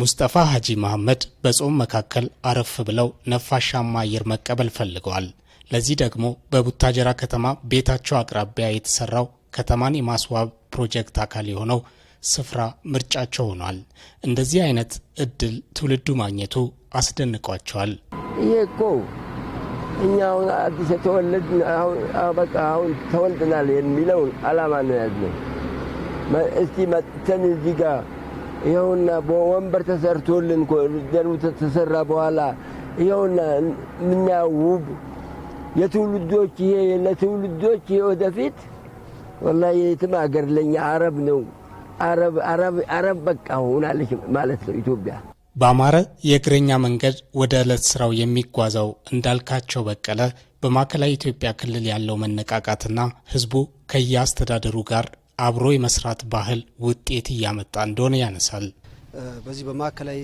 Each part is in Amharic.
ሙስጠፋ ሀጂ መሐመድ በጾም መካከል አረፍ ብለው ነፋሻማ አየር መቀበል ፈልገዋል። ለዚህ ደግሞ በቡታጀራ ከተማ ቤታቸው አቅራቢያ የተሰራው ከተማን የማስዋብ ፕሮጀክት አካል የሆነው ስፍራ ምርጫቸው ሆኗል። እንደዚህ አይነት እድል ትውልዱ ማግኘቱ አስደንቋቸዋል። ይሄ እኮ እኛ አሁን አዲስ የተወለድ በቃ አሁን ተወልደናል የሚለውን አላማ ነው ያዝነው። እስቲ መጥተን እዚህ ጋር ይኸውና ወንበር ተሰርቶልን ደርቡ ተሰራ በኋላ ይኸውና የምናውብ የትውልዶች ይሄ ለትውልዶች ይሄ ወደፊት ወላ የትም አገር ለኛ አረብ ነው። አረብ በቃ ሆናለች ማለት ነው ኢትዮጵያ። በአማረ የእግረኛ መንገድ ወደ ዕለት ስራው የሚጓዘው እንዳልካቸው በቀለ በማዕከላዊ ኢትዮጵያ ክልል ያለው መነቃቃትና ህዝቡ ከየአስተዳደሩ ጋር አብሮ የመስራት ባህል ውጤት እያመጣ እንደሆነ ያነሳል። በዚህ በማዕከላዊ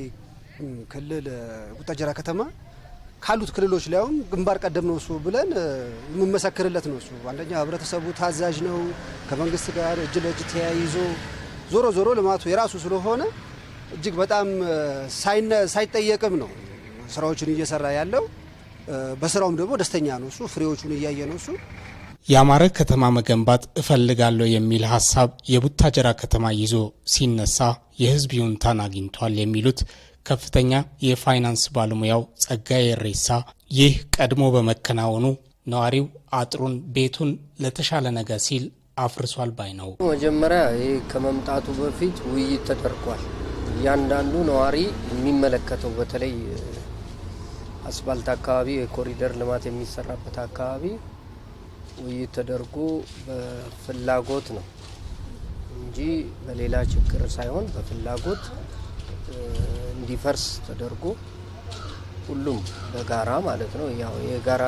ክልል ቡታጀራ ከተማ ካሉት ክልሎች ላይ ግንባር ቀደም ነው እሱ ብለን የምመሰክርለት ነው እሱ። አንደኛ ህብረተሰቡ ታዛዥ ነው፣ ከመንግስት ጋር እጅ ለእጅ ተያይዞ ዞሮ ዞሮ ልማቱ የራሱ ስለሆነ እጅግ በጣም ሳይጠየቅም ነው ስራዎችን እየሰራ ያለው። በስራውም ደግሞ ደስተኛ ነው እሱ። ፍሬዎቹን እያየ ነው እሱ። ያማረ ከተማ መገንባት እፈልጋለሁ የሚል ሀሳብ የቡታጀራ ከተማ ይዞ ሲነሳ የህዝብ ይሁንታን አግኝቷል የሚሉት ከፍተኛ የፋይናንስ ባለሙያው ጸጋዬ የሬሳ ይህ ቀድሞ በመከናወኑ ነዋሪው አጥሩን፣ ቤቱን ለተሻለ ነገር ሲል አፍርሷል ባይ ነው። መጀመሪያ ይህ ከመምጣቱ በፊት ውይይት ተደርጓል። እያንዳንዱ ነዋሪ የሚመለከተው በተለይ አስፋልት አካባቢ የኮሪደር ልማት የሚሰራበት አካባቢ ውይይት ተደርጎ በፍላጎት ነው እንጂ በሌላ ችግር ሳይሆን በፍላጎት እንዲፈርስ ተደርጎ ሁሉም በጋራ ማለት ነው። ያው የጋራ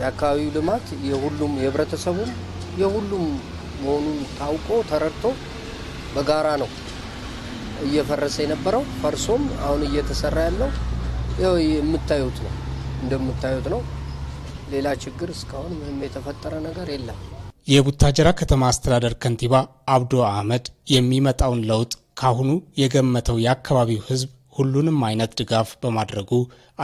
የአካባቢው ልማት የሁሉም የህብረተሰቡም የሁሉም መሆኑን ታውቆ ተረድቶ በጋራ ነው እየፈረሰ የነበረው። ፈርሶም አሁን እየተሰራ ያለው የምታዩት ነው እንደምታዩት ነው። ሌላ ችግር እስካሁን ምንም የተፈጠረ ነገር የለም። የቡታጀራ ከተማ አስተዳደር ከንቲባ አብዶ አህመድ የሚመጣውን ለውጥ ካሁኑ የገመተው የአካባቢው ህዝብ ሁሉንም አይነት ድጋፍ በማድረጉ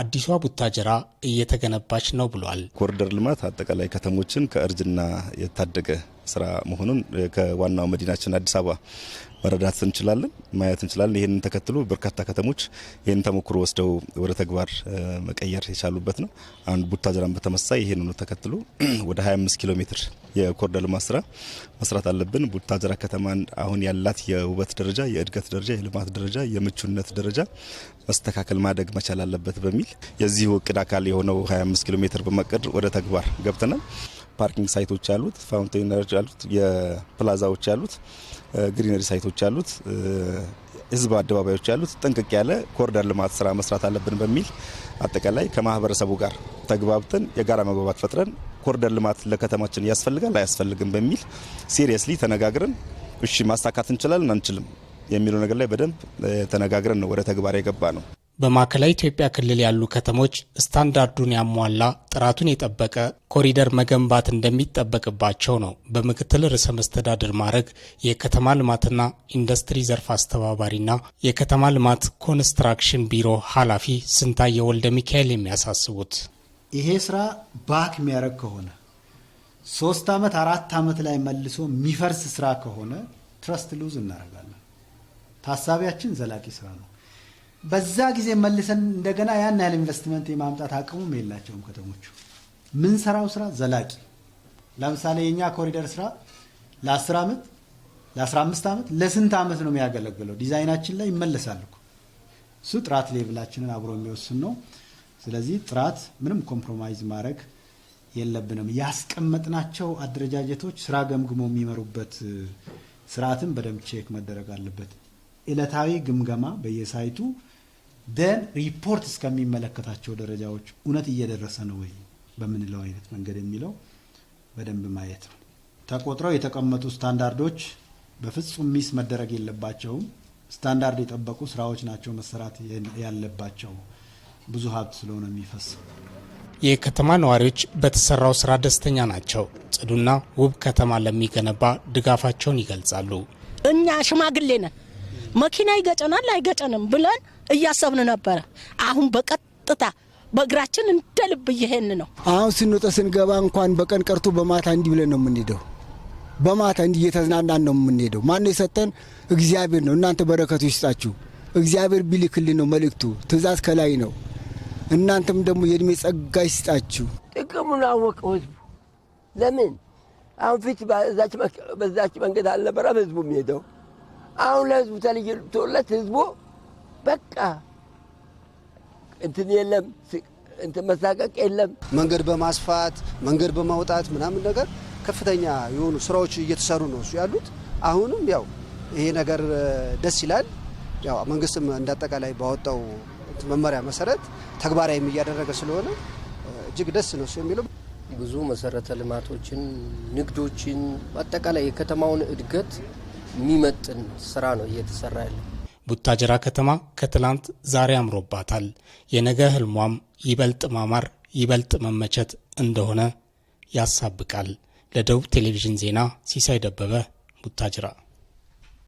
አዲሷ ቡታጀራ እየተገነባች ነው ብሏል። ኮሪደር ልማት አጠቃላይ ከተሞችን ከእርጅና የታደገ ስራ መሆኑን ከዋናው መዲናችን አዲስ አበባ መረዳት እንችላለን፣ ማየት እንችላለን። ይህንን ተከትሎ በርካታ ከተሞች ይህንን ተሞክሮ ወስደው ወደ ተግባር መቀየር የቻሉበት ነው። አንድ ቡታጅራን በተመሳሳይ ይህንኑ ተከትሎ ወደ 25 ኪሎ ሜትር የኮሪደር ልማት ስራ መስራት አለብን። ቡታጅራ ከተማን አሁን ያላት የውበት ደረጃ፣ የእድገት ደረጃ፣ የልማት ደረጃ፣ የምቹነት ደረጃ መስተካከል ማደግ መቻል አለበት በሚል የዚሁ እቅድ አካል የሆነው 25 ኪሎ ሜትር በማቀድ ወደ ተግባር ገብተናል። ፓርኪንግ ሳይቶች አሉት፣ ፋውንቴነሮች አሉት፣ የፕላዛዎች አሉት፣ ግሪነሪ ሳይቶች አሉት፣ ህዝብ አደባባዮች አሉት። ጥንቅቅ ያለ ኮሪደር ልማት ስራ መስራት አለብን በሚል አጠቃላይ ከማህበረሰቡ ጋር ተግባብተን የጋራ መግባባት ፈጥረን ኮሪደር ልማት ለከተማችን ያስፈልጋል አያስፈልግም በሚል ሲሪየስሊ ተነጋግረን እሺ ማሳካት እንችላለን አንችልም የሚለው ነገር ላይ በደንብ ተነጋግረን ነው ወደ ተግባር የገባ ነው። በማዕከላዊ ኢትዮጵያ ክልል ያሉ ከተሞች ስታንዳርዱን ያሟላ ጥራቱን የጠበቀ ኮሪደር መገንባት እንደሚጠበቅባቸው ነው በምክትል ርዕሰ መስተዳድር ማዕረግ የከተማ ልማትና ኢንዱስትሪ ዘርፍ አስተባባሪና የከተማ ልማት ኮንስትራክሽን ቢሮ ኃላፊ ስንታየ ወልደ ሚካኤል የሚያሳስቡት። ይሄ ስራ ባክ የሚያደርግ ከሆነ ሶስት ዓመት አራት ዓመት ላይ መልሶ የሚፈርስ ስራ ከሆነ ትረስት ሉዝ እናደርጋለን። ታሳቢያችን ዘላቂ ስራ ነው። በዛ ጊዜ መልሰን እንደገና ያን ያህል ኢንቨስትመንት የማምጣት አቅሙም የላቸውም ከተሞቹ። ምን ሰራው ስራ ዘላቂ ለምሳሌ የእኛ ኮሪደር ስራ ለ10 ዓመት ለ15 ዓመት ለስንት ዓመት ነው የሚያገለግለው? ዲዛይናችን ላይ ይመለሳል እኮ እሱ ጥራት ሌቭላችንን አብሮ የሚወስን ነው። ስለዚህ ጥራት ምንም ኮምፕሮማይዝ ማድረግ የለብንም። ያስቀመጥናቸው አደረጃጀቶች ስራ ገምግሞ የሚመሩበት ስርዓትን በደንብ ቼክ መደረግ አለበት። ዕለታዊ ግምገማ በየሳይቱ ደን ሪፖርት እስከሚመለከታቸው ደረጃዎች እውነት እየደረሰ ነው ወይ በምንለው አይነት መንገድ የሚለው በደንብ ማየት ነው። ተቆጥረው የተቀመጡ ስታንዳርዶች በፍጹም ሚስ መደረግ የለባቸውም። ስታንዳርድ የጠበቁ ስራዎች ናቸው መሰራት ያለባቸው ብዙ ሀብት ስለሆነ የሚፈስ የከተማ ነዋሪዎች በተሰራው ስራ ደስተኛ ናቸው። ጽዱና ውብ ከተማ ለሚገነባ ድጋፋቸውን ይገልጻሉ። እኛ ሽማግሌ ነን መኪና ይገጨናል አይገጨንም ብለን እያሰብን ነበረ። አሁን በቀጥታ በእግራችን እንደ ልብ እየሄን ነው። አሁን ስንወጣ ስንገባ እንኳን በቀን ቀርቶ በማታ እንዲህ ብለን ነው የምንሄደው። በማታ እንዲህ እየተዝናናን ነው የምንሄደው። ማነው የሰጠን? እግዚአብሔር ነው። እናንተ በረከቱ ይስጣችሁ። እግዚአብሔር ቢልክልን ነው መልእክቱ። ትእዛዝ ከላይ ነው። እናንተም ደግሞ የእድሜ ጸጋ ይስጣችሁ። ጥቅሙን አወቀው ህዝቡ። ለምን አሁን ፊት በዛች መንገድ አልነበረም ህዝቡ የሚሄደው አሁን ለህዝቡ ተለይቶለት ህዝቡ በቃ እንትን የለም እንትን መሳቀቅ የለም። መንገድ በማስፋት መንገድ በማውጣት ምናምን ነገር ከፍተኛ የሆኑ ስራዎች እየተሰሩ ነው እሱ ያሉት። አሁንም ያው ይሄ ነገር ደስ ይላል። ያው መንግስትም እንዳጠቃላይ ባወጣው መመሪያ መሰረት ተግባራዊም እያደረገ ስለሆነ እጅግ ደስ ነው እሱ የሚለው ብዙ መሰረተ ልማቶችን፣ ንግዶችን፣ አጠቃላይ የከተማውን እድገት የሚመጥን ስራ ነው እየተሰራ ያለ። ቡታጀራ ከተማ ከትላንት ዛሬ አምሮባታል። የነገ ህልሟም ይበልጥ ማማር ይበልጥ መመቸት እንደሆነ ያሳብቃል። ለደቡብ ቴሌቪዥን ዜና ሲሳይ ደበበ ቡታጅራ